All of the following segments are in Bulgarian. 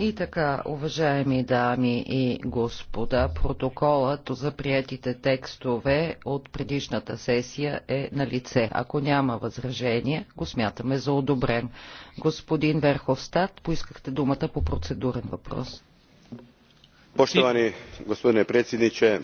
И така, уважаеми дами и господа, протоколът за приятите текстове от предишната сесия е на лице. Ако няма възражение, го смятаме за одобрен. Господин Верховстат, поискахте думата по процедурен въпрос. Poštovani gospodine председниче,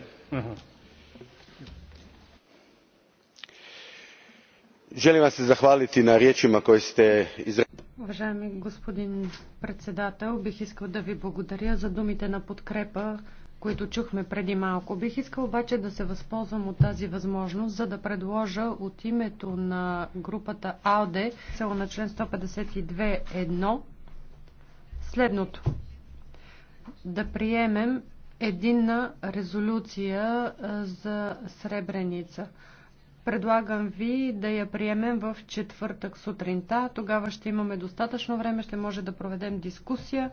želim vam se zahvaliti na riječima koje ste izrekli. Уважаеми господин председател, бих искал да ви благодаря за думите на подкрепа, които чухме преди малко. Бих искал обаче да се възползвам от тази възможност, за да предложа от името на групата АЛДЕ, цел на член 152.1, следното. Да приемем единна резолюция за Сребреница. Предлагам ви да я приемем в четвъртък сутринта. Тогава ще имаме достатъчно време, ще може да проведем дискусия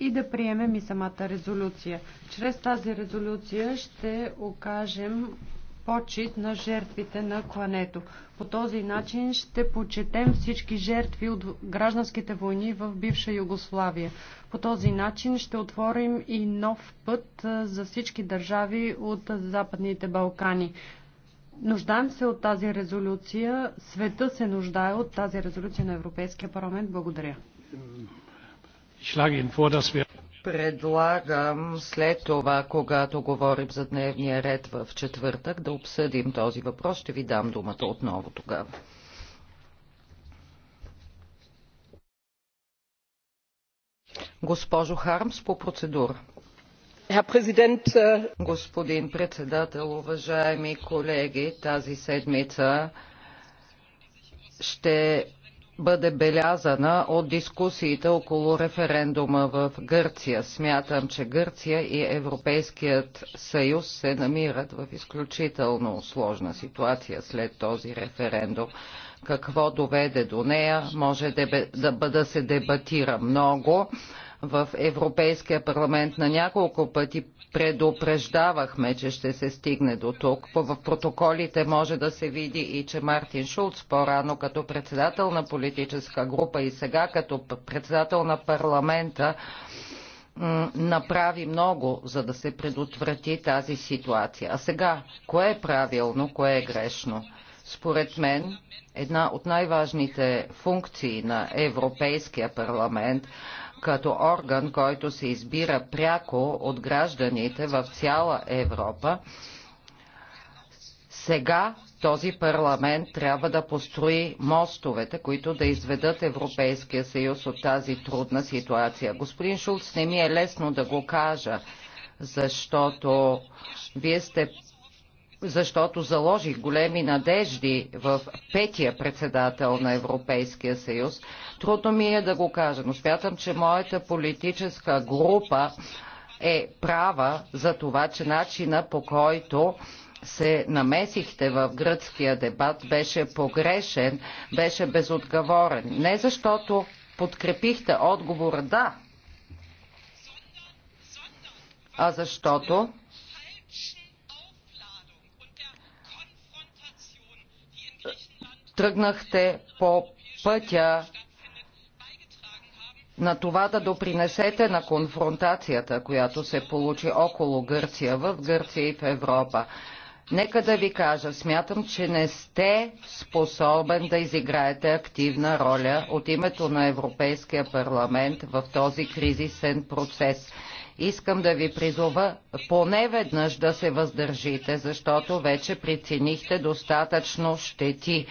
и да приемем и самата резолюция. Чрез тази резолюция ще окажем почет на жертвите на клането. По този начин ще почетем всички жертви от гражданските войни в бивша Югославия. По този начин ще отворим и нов път за всички държави от Западните Балкани. Нуждаем се от тази резолюция. Света се нуждае от тази резолюция на Европейския парламент. Благодаря. Предлагам след това, когато говорим за дневния ред в четвъртък, да обсъдим този въпрос. Ще ви дам думата отново тогава. Госпожо Хармс, по процедура. Äh, Господин председател, уважаеми колеги, тази седмица ще бъде белязана от дискусиите около референдума в Гърция. Смятам, че Гърция и Европейският съюз се намират в изключително сложна ситуация след този референдум. Какво доведе до нея може да, се дебатира много в Европейския парламент на няколко пъти предупреждавахме, че ще се стигне до тук. В протоколите може да се види и, че Мартин Шулц по-рано като председател на политическа група и сега като председател на парламента направи много, за да се предотврати тази ситуация. А сега, кое е правилно, кое е грешно? Според мен, една от най-важните функции на Европейския парламент като орган, който се избира пряко от гражданите в цяла Европа, сега този парламент трябва да построи мостовете, които да изведат Европейския съюз от тази трудна ситуация. Господин Шулц, не ми е лесно да го кажа, защото вие сте защото заложих големи надежди в петия председател на Европейския съюз. Трудно ми е да го кажа, но смятам, че моята политическа група е права за това, че начина по който се намесихте в гръцкия дебат беше погрешен, беше безотговорен. Не защото подкрепихте отговора да, а защото тръгнахте по пътя на това да допринесете на конфронтацията, която се получи около Гърция, в Гърция и в Европа. Нека да ви кажа, смятам, че не сте способен да изиграете активна роля от името на Европейския парламент в този кризисен процес. Искам да ви призова поне веднъж да се въздържите, защото вече приценихте достатъчно щети.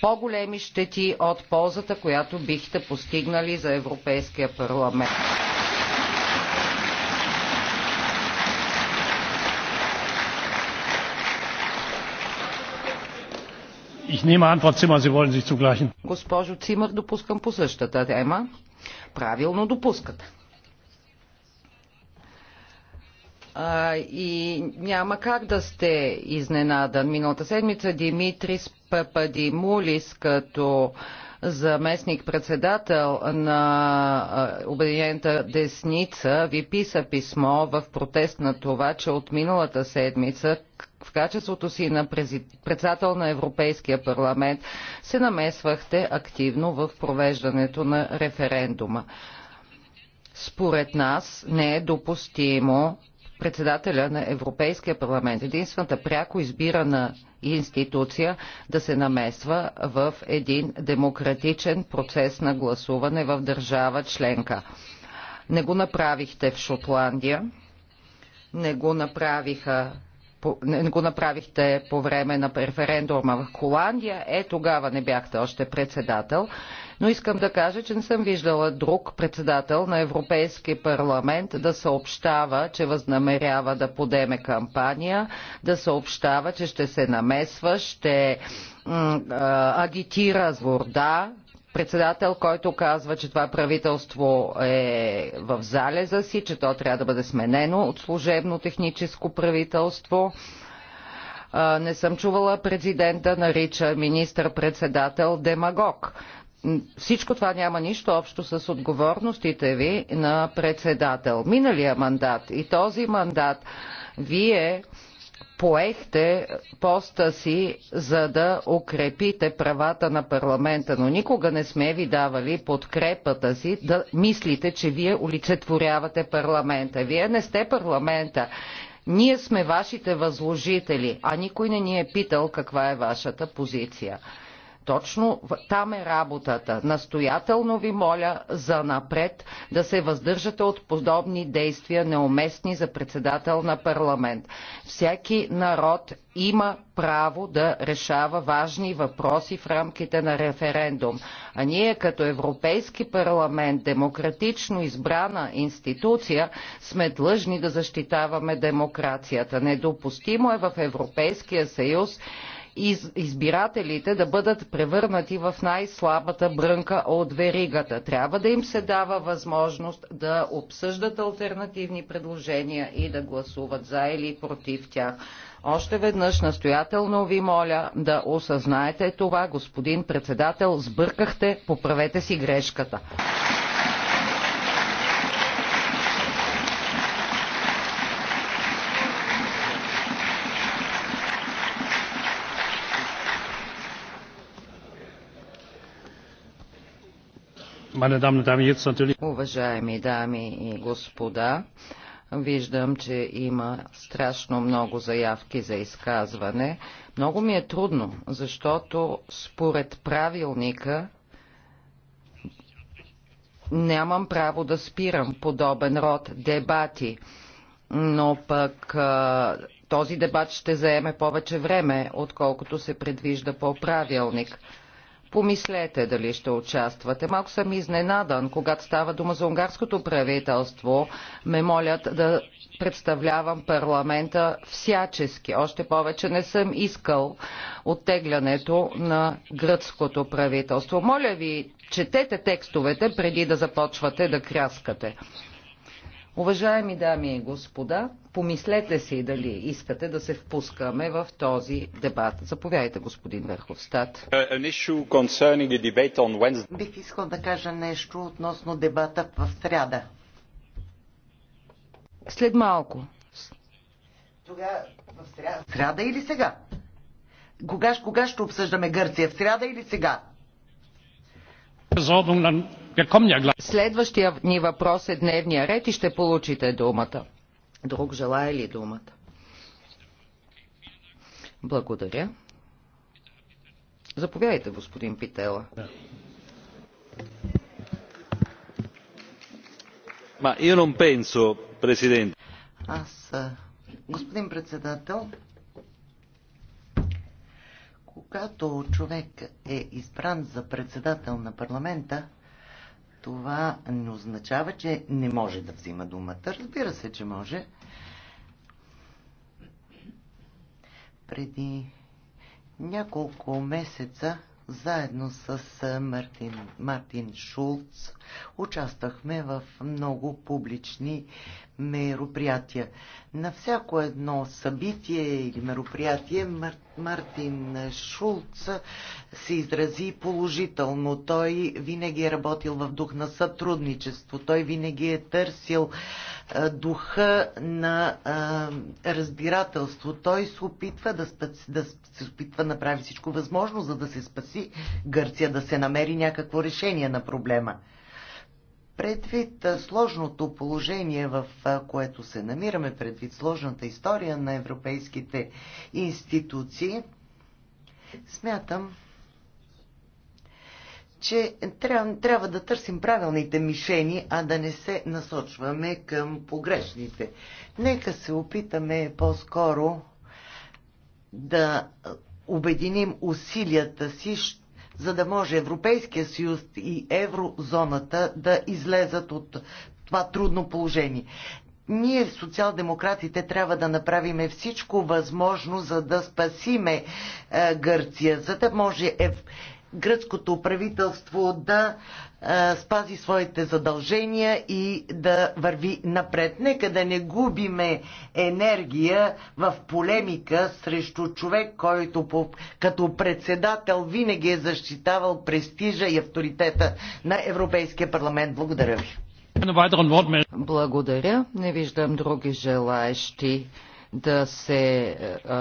По-големи щети от ползата, която бихте постигнали за Европейския парламент. Госпожо Цимър, допускам по същата тема. Правилно допускате. А, и няма как да сте изненадан. Миналата седмица Димитрис Пападимулис като заместник-председател на Обединената десница ви писа писмо в протест на това, че от миналата седмица в качеството си на председател на Европейския парламент се намесвахте активно в провеждането на референдума. Според нас не е допустимо председателя на Европейския парламент, единствената пряко избирана институция, да се намесва в един демократичен процес на гласуване в държава членка. Не го направихте в Шотландия, не го направиха не го направихте по време на референдума в Холандия, е тогава не бяхте още председател но искам да кажа, че не съм виждала друг председател на Европейски парламент да съобщава, че възнамерява да подеме кампания, да съобщава, че ще се намесва, ще агитира с председател, който казва, че това правителство е в залеза си, че то трябва да бъде сменено от служебно техническо правителство. Не съм чувала президента нарича министър-председател демагог всичко това няма нищо общо с отговорностите ви на председател. Миналия мандат и този мандат вие поехте поста си, за да укрепите правата на парламента, но никога не сме ви давали подкрепата си да мислите, че вие олицетворявате парламента. Вие не сте парламента. Ние сме вашите възложители, а никой не ни е питал каква е вашата позиция. Точно там е работата. Настоятелно ви моля за напред да се въздържате от подобни действия, неуместни за председател на парламент. Всяки народ има право да решава важни въпроси в рамките на референдум. А ние като Европейски парламент, демократично избрана институция, сме длъжни да защитаваме демокрацията. Недопустимо е в Европейския съюз избирателите да бъдат превърнати в най-слабата брънка от веригата. Трябва да им се дава възможност да обсъждат альтернативни предложения и да гласуват за или против тях. Още веднъж настоятелно ви моля да осъзнаете това, господин председател. Сбъркахте, поправете си грешката. Уважаеми дами и господа, виждам, че има страшно много заявки за изказване. Много ми е трудно, защото според правилника нямам право да спирам подобен род дебати, но пък този дебат ще заеме повече време, отколкото се предвижда по правилник. Помислете дали ще участвате. Малко съм изненадан, когато става дума за унгарското правителство. Ме молят да представлявам парламента всячески. Още повече не съм искал оттеглянето на гръцкото правителство. Моля ви, четете текстовете преди да започвате да кряскате. Уважаеми дами и господа, Помислете си дали искате да се впускаме в този дебат. Заповядайте, господин Верховстат. Uh, Бих искал да кажа нещо относно дебата в сряда. След малко. Тогава в сряда. Среда или сега? Кога, кога ще обсъждаме Гърция? В сряда или сега? Следващия ни въпрос е дневния ред и ще получите думата. Друг желая ли думата? Благодаря. Заповядайте, господин Питела. Ма, я не пенсо, президент. Аз, господин председател, когато човек е избран за председател на парламента, това не означава, че не може да взима думата. Разбира се, че може. Преди няколко месеца заедно с Мартин, Мартин Шулц участвахме в много публични мероприятия. На всяко едно събитие или мероприятие Мар... Мартин Шулц се изрази положително. Той винаги е работил в дух на сътрудничество. Той винаги е търсил духа на а, разбирателство. Той се опитва да, да се опитва да направи всичко възможно, за да се спаси Гърция, да се намери някакво решение на проблема. Предвид сложното положение, в което се намираме, предвид сложната история на европейските институции, смятам, че трябва, трябва да търсим правилните мишени, а да не се насочваме към погрешните. Нека се опитаме по-скоро да обединим усилията си, за да може Европейския съюз и еврозоната да излезат от това трудно положение. Ние, социал-демократите, трябва да направим всичко възможно, за да спасиме е, Гърция, за да може гръцкото правителство да а, е, спази своите задължения и да върви напред. Нека да не губиме енергия в полемика срещу човек, който по, като председател винаги е защитавал престижа и авторитета на Европейския парламент. Благодаря ви. Благодаря. Не виждам други желаещи да се е,